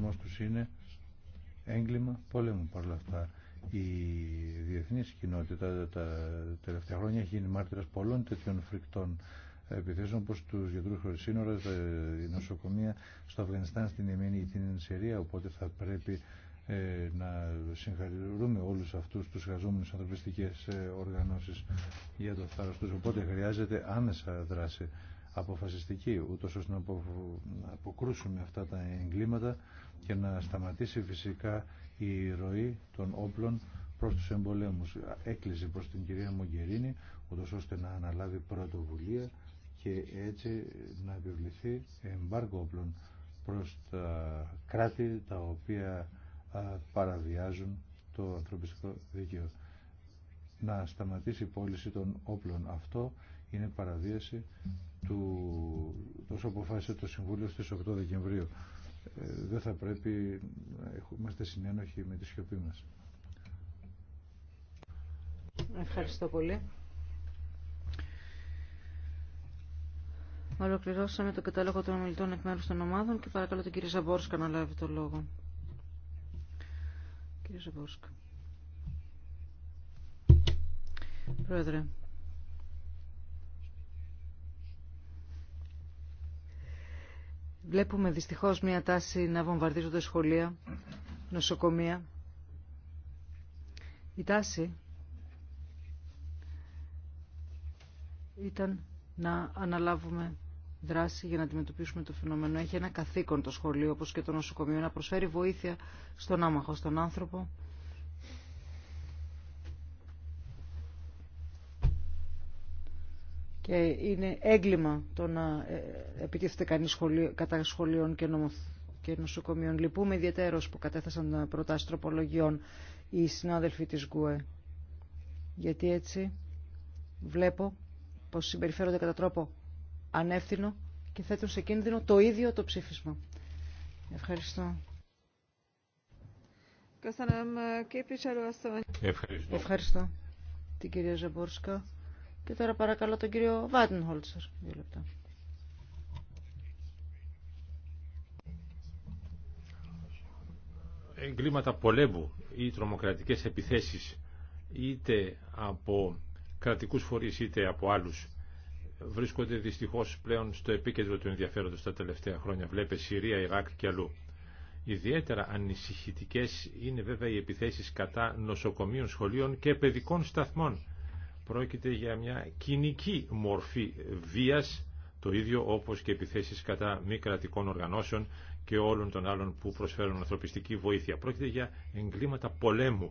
ο τους είναι έγκλημα πολέμου παρ' όλα αυτά. Η διεθνή κοινότητα τα τελευταία χρόνια έχει γίνει μάρτυρα πολλών τέτοιων φρικτών επιθέσεων όπω του γιατρού χωρί σύνορα, τα νοσοκομεία στο Αφγανιστάν, στην Εμένη ή την Συρία, οπότε θα πρέπει ε, να συγχαρηρούμε όλους αυτούς τους εργαζόμενους ανθρωπιστικές ε, οργανώσεις για το θάρρος τους. Οπότε χρειάζεται άμεσα δράση αποφασιστική, ούτως ώστε να αποκρούσουμε αυτά τα εγκλήματα και να σταματήσει φυσικά η ροή των όπλων προς τους εμπολέμους. Έκλεισε προς την κυρία Μογκερίνη, ούτως ώστε να αναλάβει πρωτοβουλία και έτσι να επιβληθεί εμπάργκο όπλων προς τα κράτη τα οποία παραβιάζουν το ανθρωπιστικό δίκαιο. Να σταματήσει η πώληση των όπλων. Αυτό είναι παραβίαση του τόσο αποφάσισε το Συμβούλιο στις 8 Δεκεμβρίου. Ε, δεν θα πρέπει να είμαστε συνένοχοι με τη σιωπή μας. Ευχαριστώ πολύ. Ολοκληρώσαμε το κατάλογο των ομιλητών εκ μέρους των ομάδων και παρακαλώ τον κύριο Ζαμπόρσκα να λάβει το λόγο. Κύριε Ζαμπόρσκα. Πρόεδρε, Βλέπουμε δυστυχώς μια τάση να βομβαρδίζονται σχολεία, νοσοκομεία. Η τάση ήταν να αναλάβουμε δράση για να αντιμετωπίσουμε το φαινόμενο. Έχει ένα καθήκον το σχολείο, όπως και το νοσοκομείο, να προσφέρει βοήθεια στον άμαχο, στον άνθρωπο, και είναι έγκλημα το να ε, επιτίθεται κανείς κατά σχολείων και, και νοσοκομείων. Λυπούμε ιδιαίτερως που κατέθεσαν προτάσεις τροπολογιών οι συνάδελφοι της ΓΚΟΕ. Γιατί έτσι βλέπω πως συμπεριφέρονται κατά τρόπο ανεύθυνο και θέτουν σε κίνδυνο το ίδιο το ψήφισμα. Ευχαριστώ. Ευχαριστώ. Ευχαριστώ την κυρία Ζαμπόρσκα. Και τώρα παρακαλώ τον κύριο Βάτενχολτσερ. Δύο Εγκλήματα πολέμου ή τρομοκρατικές επιθέσεις είτε από κρατικούς φορείς είτε από άλλους βρίσκονται δυστυχώς πλέον στο επίκεντρο του ενδιαφέροντος τα τελευταία χρόνια. Βλέπε Συρία, Ιράκ και αλλού. Ιδιαίτερα ανησυχητικές είναι βέβαια οι επιθέσεις κατά νοσοκομείων, σχολείων και παιδικών σταθμών πρόκειται για μια κοινική μορφή βίας, το ίδιο όπως και επιθέσεις κατά μη κρατικών οργανώσεων και όλων των άλλων που προσφέρουν ανθρωπιστική βοήθεια. Πρόκειται για εγκλήματα πολέμου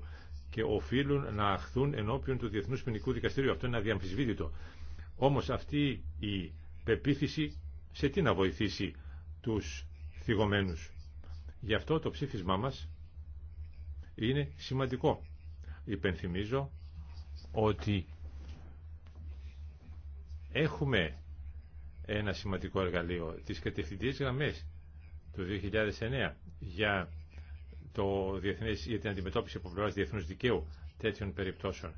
και οφείλουν να αχθούν ενώπιον του Διεθνούς Ποινικού Δικαστηρίου. Αυτό είναι αδιαμφισβήτητο. Όμως αυτή η πεποίθηση σε τι να βοηθήσει τους θυγωμένους. Γι' αυτό το ψήφισμά μας είναι σημαντικό. Υπενθυμίζω ότι Έχουμε ένα σημαντικό εργαλείο, τις κατευθυντικές γραμμές του 2009 για, το διεθνές, για την αντιμετώπιση από πλευράς διεθνούς δικαίου τέτοιων περιπτώσεων.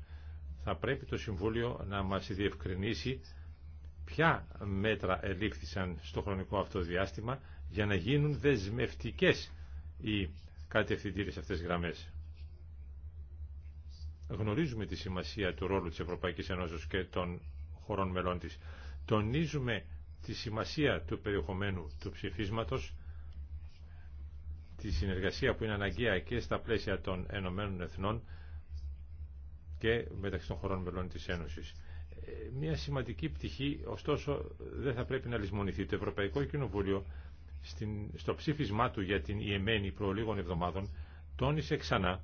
Θα πρέπει το Συμβούλιο να μας διευκρινίσει ποια μέτρα ελήφθησαν στο χρονικό αυτό διάστημα για να γίνουν δεσμευτικές οι κατευθυντήρες αυτές γραμμές. Γνωρίζουμε τη σημασία του ρόλου της Ευρωπαϊκής Ενώσης και των χωρών μελών Τονίζουμε τη σημασία του περιεχομένου του ψηφίσματος, τη συνεργασία που είναι αναγκαία και στα πλαίσια των Ενωμένων Εθνών και μεταξύ των χωρών μελών της Ένωσης. Ε, μια σημαντική πτυχή, ωστόσο, δεν θα πρέπει να λησμονηθεί. Το Ευρωπαϊκό Κοινοβούλιο στο ψήφισμά του για την Ιεμένη προ λίγων εβδομάδων τόνισε ξανά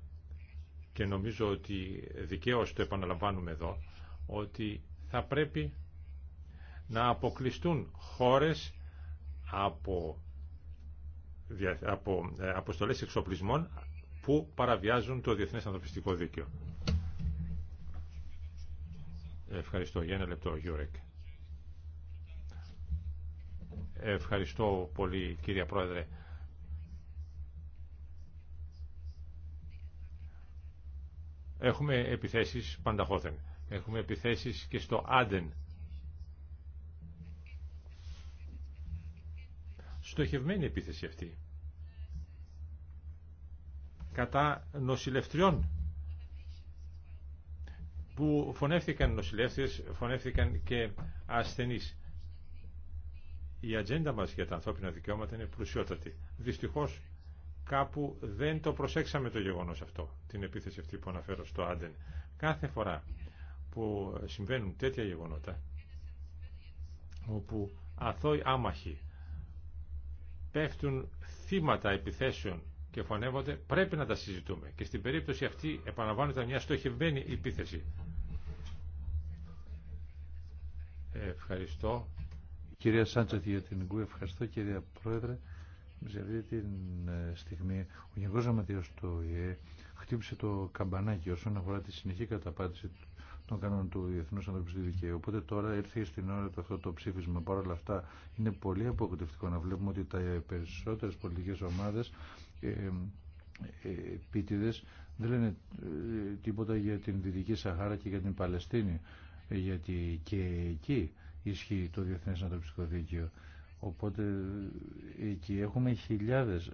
και νομίζω ότι δικαίως το επαναλαμβάνουμε εδώ ότι θα πρέπει να αποκλειστούν χώρες από, από ε, αποστολές εξοπλισμών που παραβιάζουν το Διεθνές Ανθρωπιστικό Δίκαιο. Ευχαριστώ. Για ένα λεπτό, Γιούρεκ. Ευχαριστώ πολύ, κύριε Πρόεδρε. Έχουμε επιθέσεις πανταχώθεν. Έχουμε επιθέσεις και στο Άντεν. Στοχευμένη επίθεση αυτή. Κατά νοσηλευτριών που φωνεύτηκαν νοσηλεύτες, φωνεύτηκαν και ασθενείς. Η ατζέντα μας για τα ανθρώπινα δικαιώματα είναι πλουσιότατη. Δυστυχώς κάπου δεν το προσέξαμε το γεγονός αυτό, την επίθεση αυτή που αναφέρω στο Άντεν. Κάθε φορά που συμβαίνουν τέτοια γεγονότα όπου αθώοι άμαχοι πέφτουν θύματα επιθέσεων και φωνεύονται πρέπει να τα συζητούμε και στην περίπτωση αυτή επαναβάλλεται μια στοχευμένη επίθεση Ευχαριστώ Κυρία Σάντσα, για ευχαριστώ κυρία Πρόεδρε σε αυτή τη ε, στιγμή ο Γενικός Γραμματείας του χτύπησε το καμπανάκι όσον αφορά τη συνεχή του των κανόνων του Διεθνού Ανθρωπιστικού Δικαίου. Οπότε τώρα ήρθε στην ώρα το αυτό το ψήφισμα. Παρ' όλα αυτά είναι πολύ απογοητευτικό να βλέπουμε ότι τα περισσότερε πολιτικέ ομάδε ε, ε δεν λένε ε, τίποτα για την Δυτική Σαχάρα και για την Παλαιστίνη ε, γιατί και εκεί ισχύει το Διεθνές Ανθρωπιστικό Δίκαιο οπότε εκεί έχουμε χιλιάδες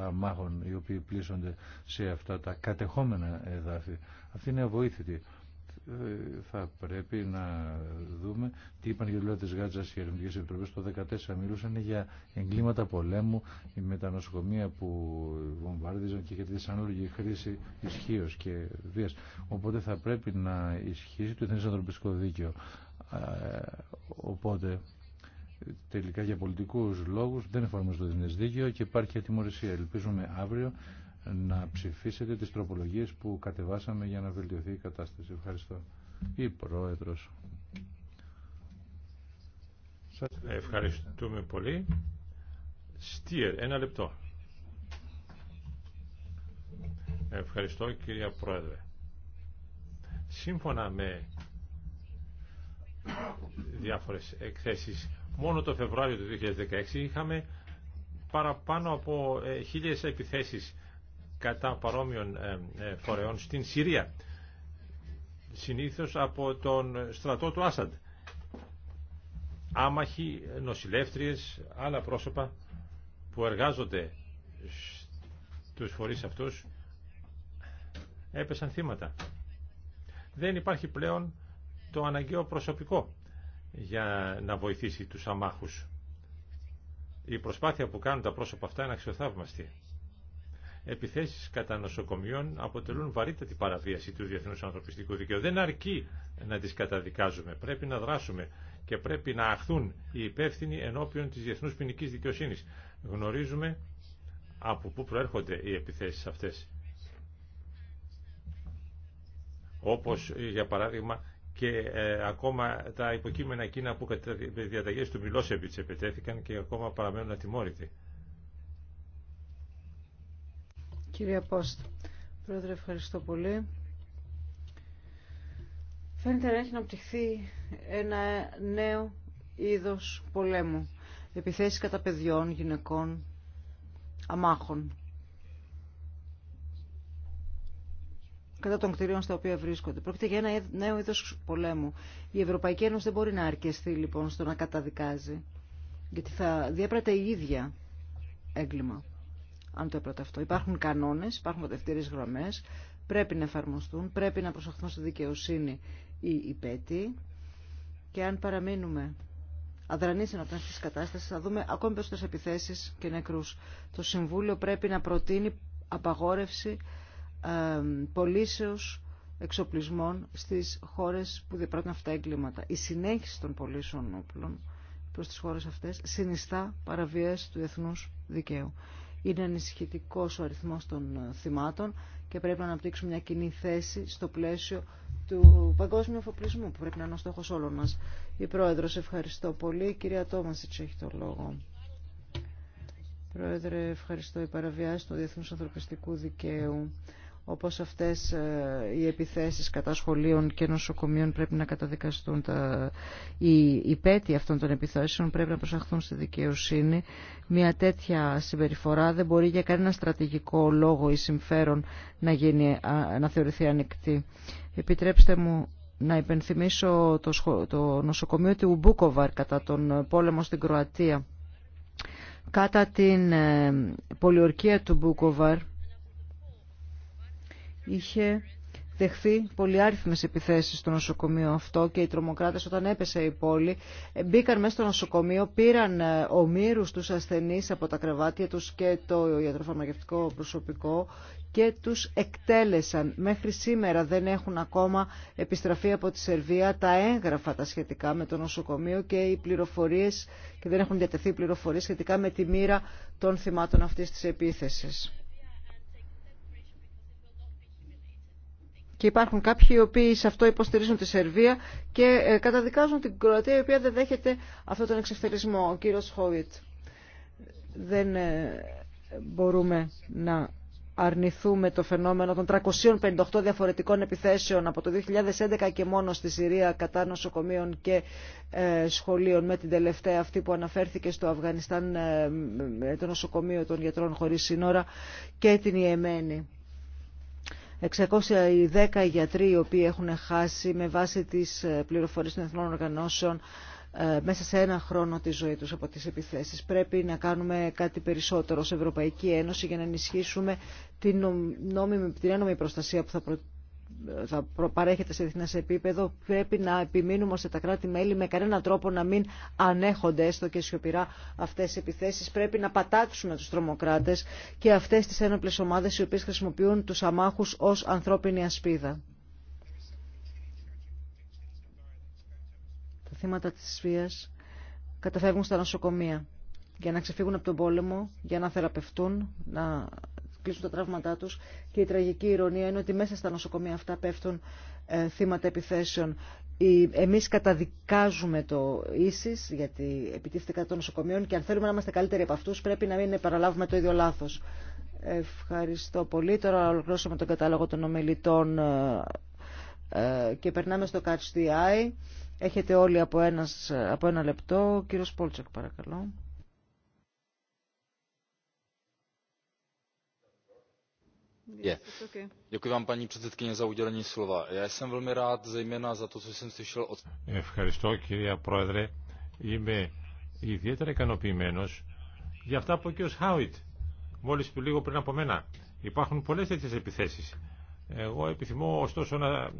αμάχων οι οποίοι πλήσονται σε αυτά τα κατεχόμενα εδάφη αυτή είναι αβοήθητη ε, θα πρέπει να δούμε τι είπαν για δουλειά της Γάτζας οι ερευνητικές επιτροπές το 2014 μιλούσαν για εγκλήματα πολέμου με τα νοσοκομεία που βομβάρδιζαν και για τη δυσανάλογη χρήση ισχύω και βίας οπότε θα πρέπει να ισχύσει το Εθνές Ανθρωπιστικό Δίκαιο οπότε τελικά για πολιτικούς λόγους δεν εφαρμόζεται το Εθνές Δίκαιο και υπάρχει ατιμορρησία ελπίζουμε αύριο να ψηφίσετε τις τροπολογίες που κατεβάσαμε για να βελτιωθεί η κατάσταση. Ευχαριστώ. Η Πρόεδρος. Ευχαριστούμε πολύ. Στήρ, ένα λεπτό. Ευχαριστώ κυρία Πρόεδρε. Σύμφωνα με διάφορες εκθέσεις, μόνο το Φεβρουάριο του 2016 είχαμε παραπάνω από ε, χίλιες επιθέσεις κατά παρόμοιων ε, ε, φορεών στην Συρία συνήθως από τον στρατό του Άσαντ άμαχοι, νοσηλεύτριες, άλλα πρόσωπα που εργάζονται στους φορείς αυτούς έπεσαν θύματα. Δεν υπάρχει πλέον το αναγκαίο προσωπικό για να βοηθήσει τους αμάχους. Η προσπάθεια που κάνουν τα πρόσωπα αυτά είναι αξιοθαύμαστη επιθέσεις κατά νοσοκομείων αποτελούν βαρύτατη παραβίαση του διεθνούς ανθρωπιστικού δικαίου. Δεν αρκεί να τις καταδικάζουμε. Πρέπει να δράσουμε και πρέπει να αχθούν οι υπεύθυνοι ενώπιον της διεθνούς ποινική δικαιοσύνης. Γνωρίζουμε από πού προέρχονται οι επιθέσεις αυτές. Όπως για παράδειγμα και ε, ακόμα τα υποκείμενα εκείνα που κατά διαταγές του Μιλόσεβιτς επιτέθηκαν και ακόμα παραμένουν ατιμόρυτοι. Κύριε Απόστο, Πρόεδρε, ευχαριστώ πολύ. Φαίνεται να έχει αναπτυχθεί ένα νέο είδος πολέμου. Επιθέσεις κατά παιδιών, γυναικών, αμάχων. κατά των κτηρίων στα οποία βρίσκονται. Πρόκειται για ένα νέο είδος πολέμου. Η Ευρωπαϊκή Ένωση δεν μπορεί να αρκεστεί λοιπόν στο να καταδικάζει, γιατί θα διέπρατε η ίδια έγκλημα αν το έπρεπε αυτό. Υπάρχουν κανόνες, υπάρχουν δευτερείς γραμμές, πρέπει να εφαρμοστούν, πρέπει να προσαχθούν στη δικαιοσύνη οι υπέτη και αν παραμείνουμε αδρανείς σε αυτής της κατάστασης θα δούμε ακόμη περισσότερες επιθέσεις και νεκρούς. Το Συμβούλιο πρέπει να προτείνει απαγόρευση ε, εξοπλισμών στις χώρες που διαπράττουν αυτά τα έγκληματα. Η συνέχιση των πωλήσεων όπλων προς τις χώρες αυτές συνιστά παραβίαση του εθνούς δικαίου. Είναι ενισχυτικό ο αριθμό των ε, θυμάτων και πρέπει να αναπτύξουμε μια κοινή θέση στο πλαίσιο του παγκόσμιου εφοπλισμού που πρέπει να είναι ο στόχο όλων μα. Η Πρόεδρο, ευχαριστώ πολύ. Η κυρία Τόμασιτ έχει το λόγο. Πρόεδρε, ευχαριστώ. Η παραβιάση του Διεθνού Ανθρωπιστικού Δικαίου όπως αυτές ε, οι επιθέσεις κατά σχολείων και νοσοκομείων πρέπει να καταδικαστούν τα... οι πέτοι αυτών των επιθέσεων πρέπει να προσαχθούν στη δικαιοσύνη μια τέτοια συμπεριφορά δεν μπορεί για κανένα στρατηγικό λόγο ή συμφέρον να, γίνει, να θεωρηθεί ανοιχτή επιτρέψτε μου να υπενθυμίσω το, το νοσοκομείο του Μπούκοβαρ κατά τον πόλεμο στην Κροατία κατά την ε, πολιορκία του Μπούκοβαρ είχε δεχθεί πολυάριθμες επιθέσεις στο νοσοκομείο αυτό και οι τρομοκράτες όταν έπεσε η πόλη ε, μπήκαν μέσα στο νοσοκομείο, πήραν ε, ομήρους τους ασθενείς από τα κρεβάτια τους και το ιατροφαρμακευτικό προσωπικό και τους εκτέλεσαν. Μέχρι σήμερα δεν έχουν ακόμα επιστραφεί από τη Σερβία τα έγγραφα τα σχετικά με το νοσοκομείο και οι πληροφορίες και δεν έχουν διατεθεί πληροφορίες σχετικά με τη μοίρα των θυμάτων αυτής της επίθεσης. και υπάρχουν κάποιοι οι οποίοι σε αυτό υποστηρίζουν τη Σερβία και ε, καταδικάζουν την Κροατία η οποία δεν δέχεται αυτόν τον εξευθερισμό. Ο κύριος Χόιτ. Δεν ε, μπορούμε να αρνηθούμε το φαινόμενο των 358 διαφορετικών επιθέσεων από το 2011 και μόνο στη Συρία κατά νοσοκομείων και ε, σχολείων με την τελευταία αυτή που αναφέρθηκε στο Αφγανιστάν το νοσοκομείο των γιατρών χωρίς σύνορα και την Ιεμένη. 610 γιατροί οι οποίοι έχουν χάσει με βάση τις ε, πληροφορίες των εθνών οργανώσεων ε, μέσα σε ένα χρόνο τη ζωή τους από τις επιθέσεις. Πρέπει να κάνουμε κάτι περισσότερο σε Ευρωπαϊκή Ένωση για να ενισχύσουμε την, νόμιμη, την ένομη προστασία που θα θα παρέχεται σε διεθνέ επίπεδο, πρέπει να επιμείνουμε ώστε τα κράτη-μέλη με κανέναν τρόπο να μην ανέχονται έστω και σιωπηρά αυτέ τι επιθέσει. Πρέπει να πατάξουμε του τρομοκράτε και αυτέ τι ένοπλε ομάδε οι οποίε χρησιμοποιούν του αμάχου ω ανθρώπινη ασπίδα. Τα θύματα της βία καταφεύγουν στα νοσοκομεία για να ξεφύγουν από τον πόλεμο, για να θεραπευτούν, να κλείσουν τα τραύματά τους και η τραγική ηρωνία είναι ότι μέσα στα νοσοκομεία αυτά πέφτουν ε, θύματα επιθέσεων. Εμείς καταδικάζουμε το ίσις γιατί επιτίθεται κατά των νοσοκομείων και αν θέλουμε να είμαστε καλύτεροι από αυτούς πρέπει να μην παραλάβουμε το ίδιο λάθος. Ευχαριστώ πολύ. Τώρα ολοκλώσαμε τον κατάλογο των ομιλητών ε, ε, και περνάμε στο Catch the Έχετε όλοι από, από ένα λεπτό. Κύριος Πόλτσακ παρακαλώ. Ευχαριστώ κυρία Πρόεδρε. Είμαι ιδιαίτερα ικανοποιημένο για αυτά που ο κ. Χάουιτ μόλι λίγο πριν από μένα. Υπάρχουν πολλέ τέτοιε επιθέσει. Εγώ επιθυμώ ωστόσο να ε,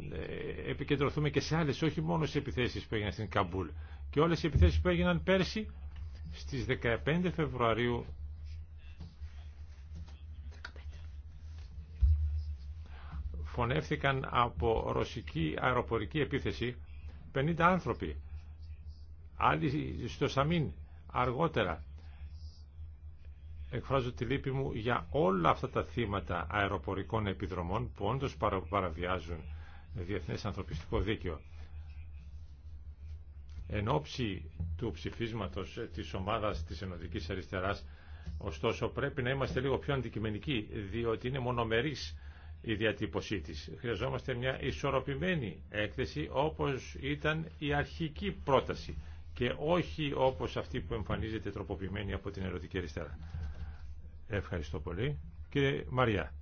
επικεντρωθούμε και σε άλλε, όχι μόνο σε επιθέσει που έγιναν στην Καμπούλ. Και όλε οι επιθέσει που έγιναν πέρσι στι 15 Φεβρουαρίου Φωνεύθηκαν από ρωσική αεροπορική επίθεση 50 άνθρωποι. Άλλοι στο Σαμίν αργότερα. Εκφράζω τη λύπη μου για όλα αυτά τα θύματα αεροπορικών επιδρομών που όντως παραβιάζουν διεθνές ανθρωπιστικό δίκαιο. Εν ώψη του ψηφίσματος της ομάδας της Ενωτικής Αριστεράς, ωστόσο πρέπει να είμαστε λίγο πιο αντικειμενικοί, διότι είναι μονομερής η διατύπωσή της. Χρειαζόμαστε μια ισορροπημένη έκθεση όπως ήταν η αρχική πρόταση και όχι όπως αυτή που εμφανίζεται τροποποιημένη από την Ερωτική Αριστερά. Ευχαριστώ πολύ. Κύριε Μαριά.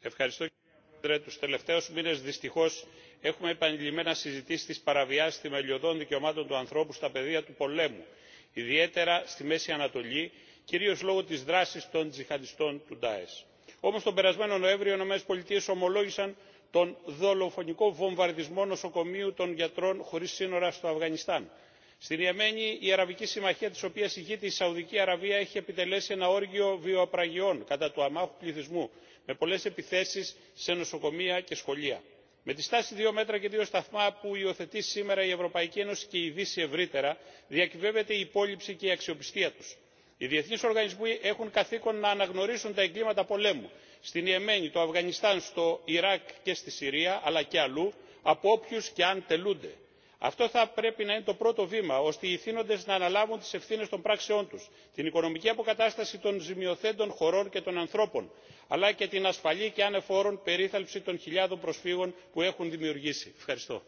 Ευχαριστώ κύριε Πρόεδρε. Τους τελευταίους μήνες δυστυχώς έχουμε επανειλημμένα συζητήσει τις παραβιάσεις θεμελιωδών δικαιωμάτων του ανθρώπου στα πεδία του πολέμου, ιδιαίτερα στη Μέση Ανατολή, κυρίως λόγω της δράσης των τζιχαντιστών του ΝΤΑΕΣ όμως τον περασμένο νοέμβριο οι ηνωμένες πολιτείες ομολόγησαν τον δολοφονικό βομβαρδισμό νοσοκομείου των γιατρών χωρίς σύνορα στο αφγανιστάν. στην ιεμένη η αραβική συμμαχία της οποίας ηγείται η σαουδική αραβία έχει επιτελέσει ένα όργιο βιοαπραγιών κατά του αμάχου πληθυσμού με πολλές επιθέσεις σε νοσοκομεία και σχολεία. με τη στάση δύο μέτρα και δύο σταθμά που υιοθετεί σήμερα η ευρωπαϊκή ένωση και η δύση ευρύτερα διακυβεύεται η υπόλοιψη και η αξιοπιστία τους οι διεθνεί οργανισμοί έχουν καθήκον να αναγνωρίσουν τα εγκλήματα πολέμου στην ιεμένη το αφγανιστάν στο ιράκ και στη συρία αλλά και αλλού από όποιου και αν τελούνται. αυτό θα πρέπει να είναι το πρώτο βήμα ώστε οι ηθήνοντες να αναλάβουν τι ευθύνε των πράξεών του, την οικονομική αποκατάσταση των ζημιοθέντων χωρών και των ανθρώπων αλλά και την ασφαλή και ανεφόρον περίθαλψη των χιλιάδων προσφύγων που έχουν δημιουργήσει. ευχαριστώ.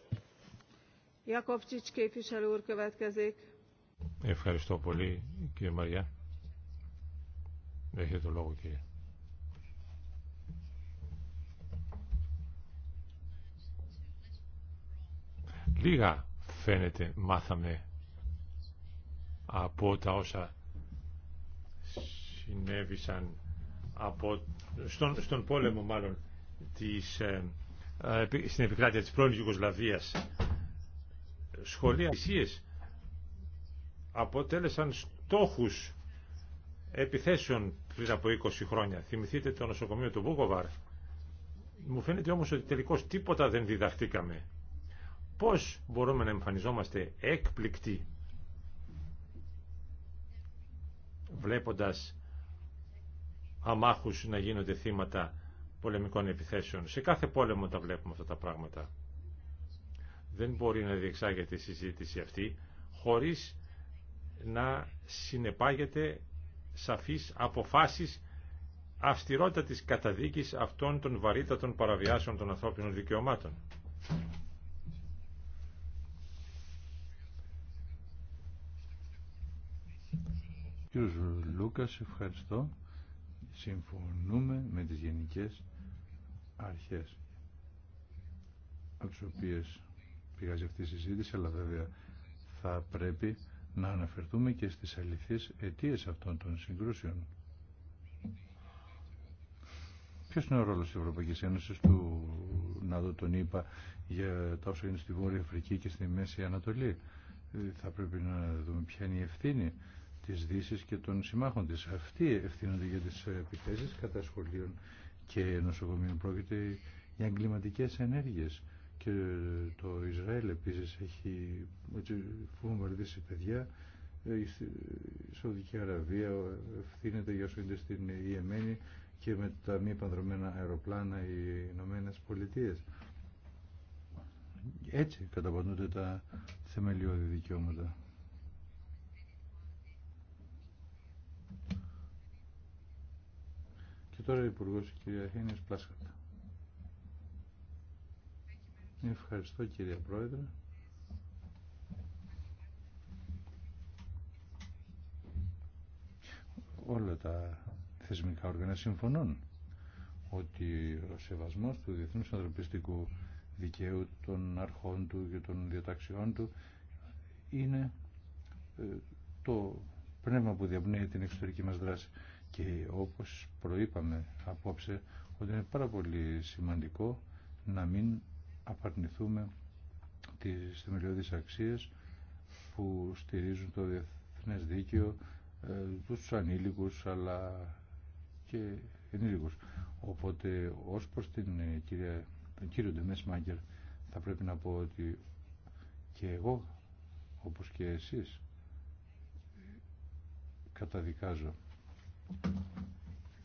Ευχαριστώ πολύ κύριε Μαριά. Έχετε το λόγο κύριε. Λίγα φαίνεται μάθαμε από τα όσα συνέβησαν από, στον, στον πόλεμο μάλλον της, ε, ε, στην επικράτεια της πρώην Ιουγκοσλαβίας σχολεία θυσίες αποτέλεσαν στόχους επιθέσεων πριν από 20 χρόνια. Θυμηθείτε το νοσοκομείο του Βούκοβαρ. Μου φαίνεται όμως ότι τελικώς τίποτα δεν διδαχτήκαμε. Πώς μπορούμε να εμφανιζόμαστε έκπληκτοι βλέποντας αμάχους να γίνονται θύματα πολεμικών επιθέσεων. Σε κάθε πόλεμο τα βλέπουμε αυτά τα πράγματα. Δεν μπορεί να διεξάγεται η συζήτηση αυτή χωρίς να συνεπάγεται σαφείς αποφάσεις αυστηρότητα της καταδίκης αυτών των βαρύτατων παραβιάσεων των ανθρώπινων δικαιωμάτων. Κύριος Λούκας, ευχαριστώ. Συμφωνούμε με τις γενικές αρχές από τις οποίες πηγάζει αυτή η συζήτηση, αλλά βέβαια θα πρέπει να αναφερθούμε και στις αληθείς αιτίες αυτών των συγκρούσεων. Ποιο είναι ο ρόλο τη Ευρωπαϊκή Ένωση του ΝΑΔΟ, τον είπα, για τα όσα είναι στη Βόρεια Αφρική και στη Μέση Ανατολή. Ε, θα πρέπει να δούμε ποια είναι η ευθύνη της Δύση και των συμμάχων της. Αυτοί ευθύνονται για τις επιθέσεις κατά σχολείων και νοσοκομείων. Πρόκειται για εγκληματικέ ενέργειες και το Ισραήλ επίσης έχει βομβαρδίσει παιδιά ε, η Σαουδική Αραβία ευθύνεται για όσο είναι στην Ιεμένη και με τα μη επανδρομένα αεροπλάνα οι Ηνωμένε Πολιτείε. Έτσι καταπατούνται τα θεμελιώδη δικαιώματα. Και τώρα ο Υπουργός η κυρία Χένης Πλάσκατα. Ευχαριστώ κύριε Πρόεδρε. Όλα τα θεσμικά όργανα συμφωνούν ότι ο σεβασμός του διεθνούς ανθρωπιστικού δικαίου των αρχών του και των διαταξιών του είναι ε, το πνεύμα που διαπνέει την εξωτερική μας δράση. Και όπως προείπαμε απόψε ότι είναι πάρα πολύ σημαντικό να μην απαρνηθούμε τις θεμελιώδεις αξίες που στηρίζουν το διεθνές δίκαιο ε, τους ανήλικους αλλά και ενήλικους. Οπότε ως προς την ε, κυρία, τον κύριο Ντεμές Μάγκερ θα πρέπει να πω ότι και εγώ όπως και εσείς καταδικάζω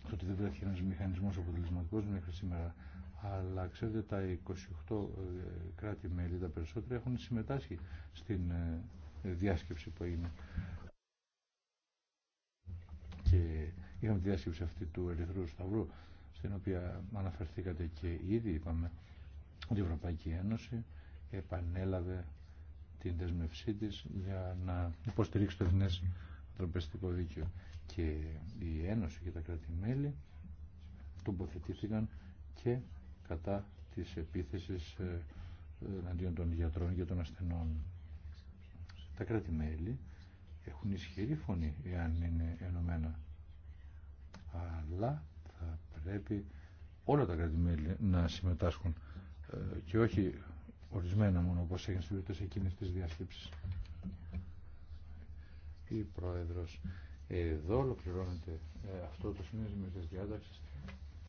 το ότι δεν βρέθηκε ένας μηχανισμός αποτελεσματικός μέχρι σήμερα αλλά ξέρετε τα 28 ε, κράτη-μέλη, τα περισσότερα έχουν συμμετάσχει στην ε, διάσκεψη που έγινε. Και είχαμε τη διάσκεψη αυτή του Ερυθρού Σταυρού, στην οποία αναφερθήκατε και ήδη είπαμε ότι η Ευρωπαϊκή Ένωση επανέλαβε την δεσμευσή της για να υποστηρίξει το Εθνές Ανθρωπιστικό Δίκαιο. Και η Ένωση και τα κράτη-μέλη τοποθετήθηκαν και κατά της επίθεσης ε, εναντίον των γιατρών και των ασθενών. Τα κράτη-μέλη έχουν ισχυρή φωνή εάν είναι ενωμένα. Αλλά θα πρέπει όλα τα κράτη-μέλη να συμμετάσχουν ε, και όχι ορισμένα μόνο όπως έγινε στην περίπτωση εκείνης της διάσκεψης. Η Πρόεδρος. Εδώ ολοκληρώνεται ε, αυτό το σημείο της διάταξης.